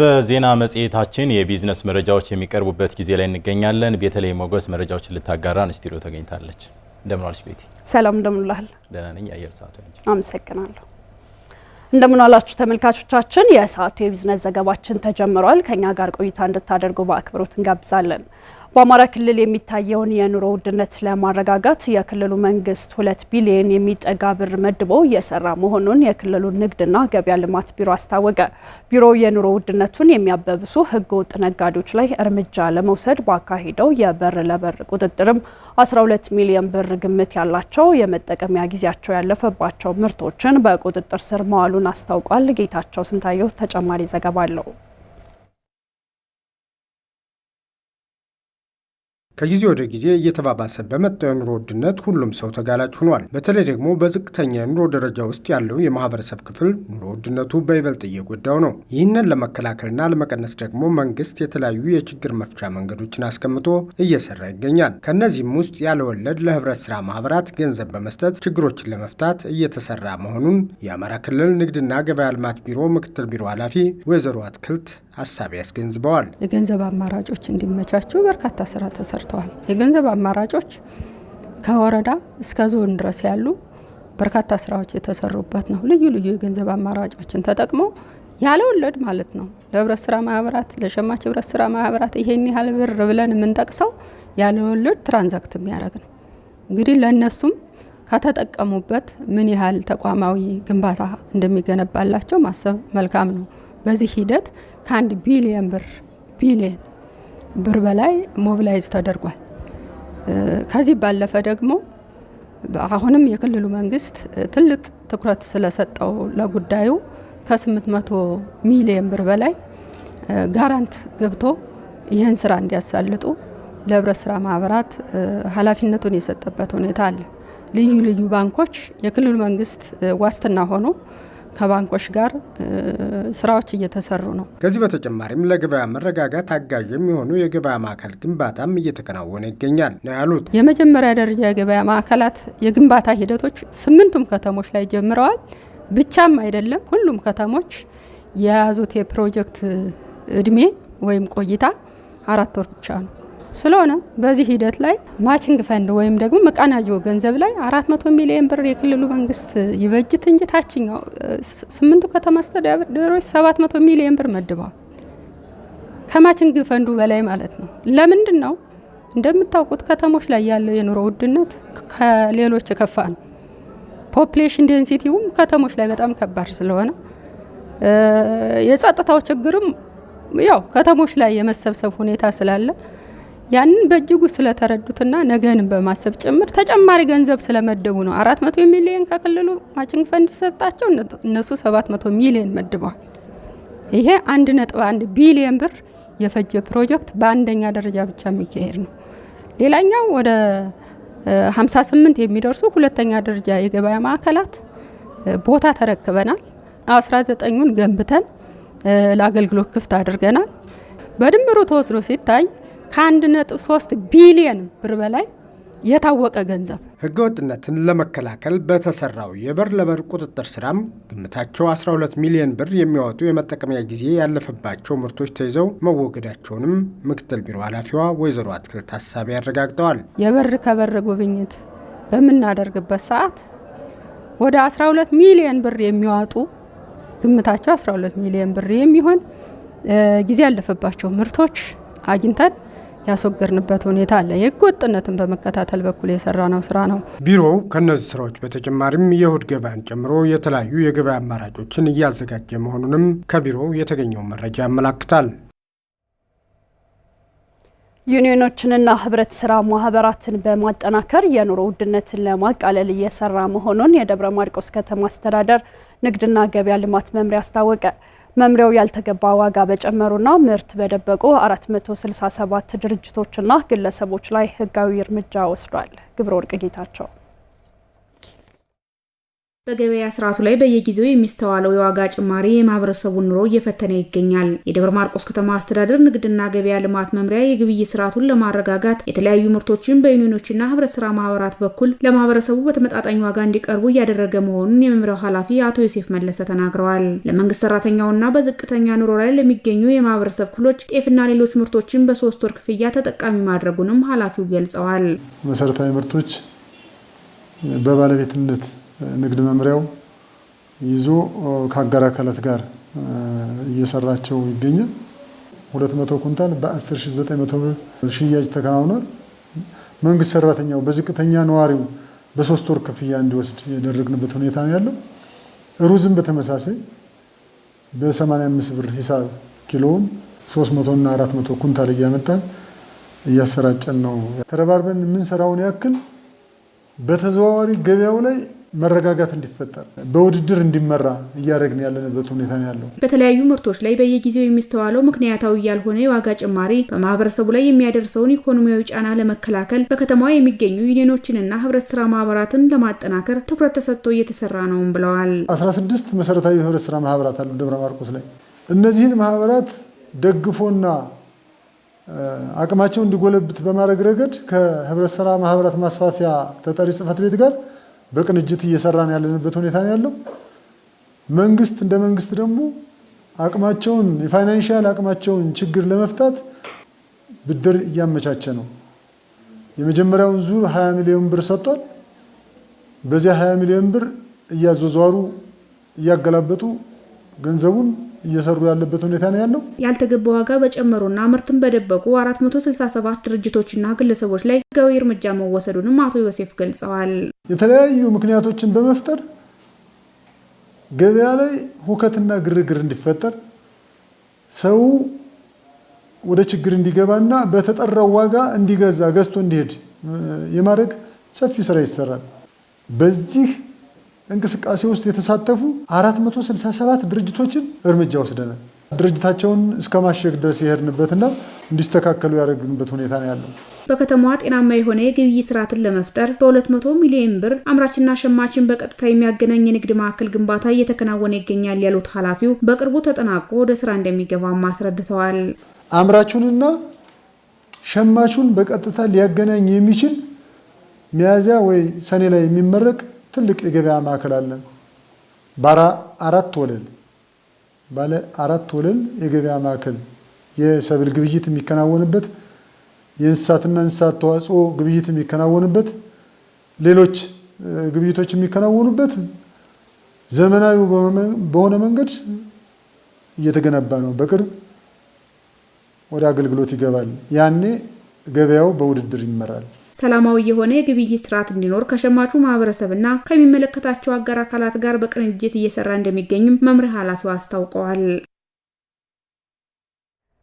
በዜና መጽሔታችን የቢዝነስ መረጃዎች የሚቀርቡበት ጊዜ ላይ እንገኛለን። ቤተለይ ሞገስ መረጃዎችን ልታጋራን ስቱዲዮ ተገኝታለች። እንደምናለች ቤቲ? ሰላም እንደምንላል። ደህና ነኝ። የአየር ሰዓቱ አመሰግናለሁ። እንደምናላችሁ ተመልካቾቻችን፣ የሰዓቱ የቢዝነስ ዘገባችን ተጀምሯል። ከኛ ጋር ቆይታ እንድታደርጉ በአክብሮት እንጋብዛለን። በአማራ ክልል የሚታየውን የኑሮ ውድነት ለማረጋጋት የክልሉ መንግስት ሁለት ቢሊዮን የሚጠጋ ብር መድቦ እየሰራ መሆኑን የክልሉ ንግድና ገበያ ልማት ቢሮ አስታወቀ። ቢሮው የኑሮ ውድነቱን የሚያበብሱ ህገወጥ ነጋዴዎች ላይ እርምጃ ለመውሰድ ባካሄደው የበር ለበር ቁጥጥርም 12 ሚሊዮን ብር ግምት ያላቸው የመጠቀሚያ ጊዜያቸው ያለፈባቸው ምርቶችን በቁጥጥር ስር መዋሉን አስታውቋል። ጌታቸው ስንታየው ተጨማሪ ዘገባ አለው። ከጊዜ ወደ ጊዜ እየተባባሰ በመጣው የኑሮ ውድነት ሁሉም ሰው ተጋላጭ ሆኗል። በተለይ ደግሞ በዝቅተኛ የኑሮ ደረጃ ውስጥ ያለው የማህበረሰብ ክፍል ኑሮ ውድነቱ በይበልጥ እየጎዳው ነው። ይህንን ለመከላከልና ለመቀነስ ደግሞ መንግስት የተለያዩ የችግር መፍቻ መንገዶችን አስቀምጦ እየሰራ ይገኛል። ከእነዚህም ውስጥ ያለወለድ ለህብረት ስራ ማህበራት ገንዘብ በመስጠት ችግሮችን ለመፍታት እየተሰራ መሆኑን የአማራ ክልል ንግድና ገበያ ልማት ቢሮ ምክትል ቢሮ ኃላፊ ወይዘሮ አትክልት አሳቢ ያስገንዝበዋል። የገንዘብ አማራጮች እንዲመቻቹ በርካታ ስራ ተሰርቷል። ተሰርተዋል። የገንዘብ አማራጮች ከወረዳ እስከ ዞን ድረስ ያሉ በርካታ ስራዎች የተሰሩበት ነው። ልዩ ልዩ የገንዘብ አማራጮችን ተጠቅመው ያለ ወለድ ማለት ነው ለህብረት ስራ ማህበራት ለሸማች ህብረት ስራ ማህበራት ይሄን ያህል ብር ብለን የምንጠቅሰው ያለ ወለድ ትራንዛክት የሚያደርግ ነው። እንግዲህ ለእነሱም ከተጠቀሙበት ምን ያህል ተቋማዊ ግንባታ እንደሚገነባላቸው ማሰብ መልካም ነው። በዚህ ሂደት ከአንድ ቢሊየን ብር ቢሊየን ብር በላይ ሞብላይዝ ተደርጓል። ከዚህ ባለፈ ደግሞ አሁንም የክልሉ መንግስት ትልቅ ትኩረት ስለሰጠው ለጉዳዩ ከ800 ሚሊየን ብር በላይ ጋራንት ገብቶ ይህን ስራ እንዲያሳልጡ ለህብረት ስራ ማህበራት ኃላፊነቱን የሰጠበት ሁኔታ አለ። ልዩ ልዩ ባንኮች የክልሉ መንግስት ዋስትና ሆኖ ከባንኮች ጋር ስራዎች እየተሰሩ ነው። ከዚህ በተጨማሪም ለገበያ መረጋጋት አጋዥ የሚሆኑ የገበያ ማዕከል ግንባታም እየተከናወነ ይገኛል ነው ያሉት። የመጀመሪያ ደረጃ የገበያ ማዕከላት የግንባታ ሂደቶች ስምንቱም ከተሞች ላይ ጀምረዋል። ብቻም አይደለም፣ ሁሉም ከተሞች የያዙት የፕሮጀክት እድሜ ወይም ቆይታ አራት ወር ብቻ ነው። ስለሆነ በዚህ ሂደት ላይ ማችንግ ፈንድ ወይም ደግሞ መቃናጆ ገንዘብ ላይ አራት መቶ ሚሊዮን ብር የክልሉ መንግስት ይበጅት እንጂ ታችኛው ስምንቱ ከተማ አስተዳደሮች ሰባት መቶ ሚሊዮን ብር መድበዋል። ከማችንግ ፈንዱ በላይ ማለት ነው። ለምንድን ነው? እንደምታውቁት ከተሞች ላይ ያለው የኑሮ ውድነት ከሌሎች የከፋ ነው። ፖፕሌሽን ዴንሲቲውም ከተሞች ላይ በጣም ከባድ ስለሆነ የጸጥታው ችግርም ያው ከተሞች ላይ የመሰብሰብ ሁኔታ ስላለ ያንን በእጅጉ ስለተረዱትና ነገን በማሰብ ጭምር ተጨማሪ ገንዘብ ስለመደቡ ነው። አራት መቶ ሚሊዮን ከክልሉ ማችንግ ፈንድ ተሰጣቸው። እነሱ ሰባት መቶ ሚሊዮን መድበዋል። ይሄ አንድ ነጥብ አንድ ቢሊየን ብር የፈጀ ፕሮጀክት በአንደኛ ደረጃ ብቻ የሚካሄድ ነው። ሌላኛው ወደ 58 የሚደርሱ ሁለተኛ ደረጃ የገበያ ማዕከላት ቦታ ተረክበናል። 19ኙን ገንብተን ለአገልግሎት ክፍት አድርገናል። በድምሩ ተወስዶ ሲታይ ከአንድ ነጥብ ሶስት ቢሊየን ብር በላይ የታወቀ ገንዘብ። ህገወጥነትን ለመከላከል በተሰራው የበር ለበር ቁጥጥር ስራም ግምታቸው 12 ሚሊዮን ብር የሚያወጡ የመጠቀሚያ ጊዜ ያለፈባቸው ምርቶች ተይዘው መወገዳቸውንም ምክትል ቢሮ ኃላፊዋ ወይዘሮ አትክልት ሀሳቢ ያረጋግጠዋል። የበር ከበር ጉብኝት በምናደርግበት ሰዓት ወደ 12 ሚሊዮን ብር የሚያወጡ ግምታቸው 12 ሚሊዮን ብር የሚሆን ጊዜ ያለፈባቸው ምርቶች አግኝተን ያስወገድንበት ሁኔታ አለ። የህገ ወጥነትን በመከታተል በኩል የሰራነው ስራ ነው። ቢሮው ከእነዚህ ስራዎች በተጨማሪም የእሁድ ገበያን ጨምሮ የተለያዩ የገበያ አማራጮችን እያዘጋጀ መሆኑንም ከቢሮው የተገኘው መረጃ ያመላክታል። ዩኒዮኖችንና ህብረት ስራ ማህበራትን በማጠናከር የኑሮ ውድነትን ለማቃለል እየሰራ መሆኑን የደብረ ማርቆስ ከተማ አስተዳደር ንግድና ገበያ ልማት መምሪያ አስታወቀ። መምሪያው ያልተገባ ዋጋ በጨመሩና ምርት በደበቁ 467 ድርጅቶችና ግለሰቦች ላይ ህጋዊ እርምጃ ወስዷል። ግብረ ወርቅ ጌታቸው በገበያ ስርዓቱ ላይ በየጊዜው የሚስተዋለው የዋጋ ጭማሪ የማህበረሰቡን ኑሮ እየፈተነ ይገኛል። የደብረ ማርቆስ ከተማ አስተዳደር ንግድና ገበያ ልማት መምሪያ የግብይት ስርዓቱን ለማረጋጋት የተለያዩ ምርቶችን በዩኒዮኖችና ህብረት ስራ ማህበራት በኩል ለማህበረሰቡ በተመጣጣኝ ዋጋ እንዲቀርቡ እያደረገ መሆኑን የመምሪያው ኃላፊ አቶ ዮሴፍ መለሰ ተናግረዋል። ለመንግስት ሰራተኛውና በዝቅተኛ ኑሮ ላይ ለሚገኙ የማህበረሰብ ክፍሎች ጤፍና ሌሎች ምርቶችን በሶስት ወር ክፍያ ተጠቃሚ ማድረጉንም ኃላፊው ገልጸዋል። መሰረታዊ ምርቶች በባለቤትነት ንግድ መምሪያው ይዞ ከአጋር አካላት ጋር እየሰራቸው ይገኛል። 200 ኩንታል በ10900 ብር ሽያጭ ተከናውኗል። መንግስት ሰራተኛው በዝቅተኛ ነዋሪው በሶስት ወር ክፍያ እንዲወስድ የደረግንበት ሁኔታ ነው ያለው። ሩዝም በተመሳሳይ በ85 ብር ሂሳብ ኪሎውን 300 እና 400 ኩንታል እያመጣን እያሰራጨን ነው። ተረባርበን የምንሰራውን ያክል በተዘዋዋሪ ገበያው ላይ መረጋጋት እንዲፈጠር በውድድር እንዲመራ እያደረግን ያለንበት ሁኔታ ነው ያለው። በተለያዩ ምርቶች ላይ በየጊዜው የሚስተዋለው ምክንያታዊ ያልሆነ የዋጋ ጭማሪ በማህበረሰቡ ላይ የሚያደርሰውን ኢኮኖሚያዊ ጫና ለመከላከል በከተማዋ የሚገኙ ዩኒዮኖችንና ህብረት ስራ ማህበራትን ለማጠናከር ትኩረት ተሰጥቶ እየተሰራ ነውም ብለዋል። 16 መሰረታዊ የህብረት ስራ ማህበራት አሉ ደብረ ማርቆስ ላይ። እነዚህን ማህበራት ደግፎና አቅማቸው እንዲጎለብት በማድረግ ረገድ ከህብረት ስራ ማህበራት ማስፋፊያ ተጠሪ ጽህፈት ቤት ጋር በቅንጅት እየሰራን ያለንበት ሁኔታ ነው ያለው። መንግስት እንደ መንግስት ደግሞ አቅማቸውን የፋይናንሻል አቅማቸውን ችግር ለመፍታት ብድር እያመቻቸ ነው። የመጀመሪያውን ዙር 20 ሚሊዮን ብር ሰጥቷል። በዚያ 20 ሚሊዮን ብር እያዘዟሩ እያገላበጡ ገንዘቡን እየሰሩ ያለበት ሁኔታ ነው ያለው። ያልተገባ ዋጋ በጨመሩና ምርትን በደበቁ 467 ድርጅቶችና ግለሰቦች ላይ ህጋዊ እርምጃ መወሰዱንም አቶ ዮሴፍ ገልጸዋል። የተለያዩ ምክንያቶችን በመፍጠር ገበያ ላይ ሁከትና ግርግር እንዲፈጠር ሰው ወደ ችግር እንዲገባና በተጠራው ዋጋ እንዲገዛ ገዝቶ እንዲሄድ የማድረግ ሰፊ ስራ ይሰራል። በዚህ እንቅስቃሴ ውስጥ የተሳተፉ 467 ድርጅቶችን እርምጃ ወስደናል። ድርጅታቸውን እስከ ማሸግ ድረስ የሄድንበትና እንዲስተካከሉ ያደረግንበት ሁኔታ ነው ያለው። በከተማዋ ጤናማ የሆነ የግብይት ስርዓትን ለመፍጠር በ200 ሚሊዮን ብር አምራችና ሸማችን በቀጥታ የሚያገናኝ የንግድ ማዕከል ግንባታ እየተከናወነ ይገኛል ያሉት ኃላፊው በቅርቡ ተጠናቆ ወደ ስራ እንደሚገባም አስረድተዋል። አምራቹንና ሸማቹን በቀጥታ ሊያገናኝ የሚችል ሚያዝያ ወይ ሰኔ ላይ የሚመረቅ ትልቅ የገበያ ማዕከል አለን። ባለ አራት ወለል ባለ አራት ወለል የገበያ ማዕከል የሰብል ግብይት የሚከናወንበት የእንስሳትና እንስሳት ተዋጽኦ ግብይት የሚከናወንበት ሌሎች ግብይቶች የሚከናወኑበት ዘመናዊ በሆነ መንገድ እየተገነባ ነው። በቅርብ ወደ አገልግሎት ይገባል። ያኔ ገበያው በውድድር ይመራል። ሰላማዊ የሆነ የግብይት ስርዓት እንዲኖር ከሸማቹ ማህበረሰብና ከሚመለከታቸው አጋር አካላት ጋር በቅንጅት እየሰራ እንደሚገኝም መምሪያ ኃላፊው አስታውቀዋል።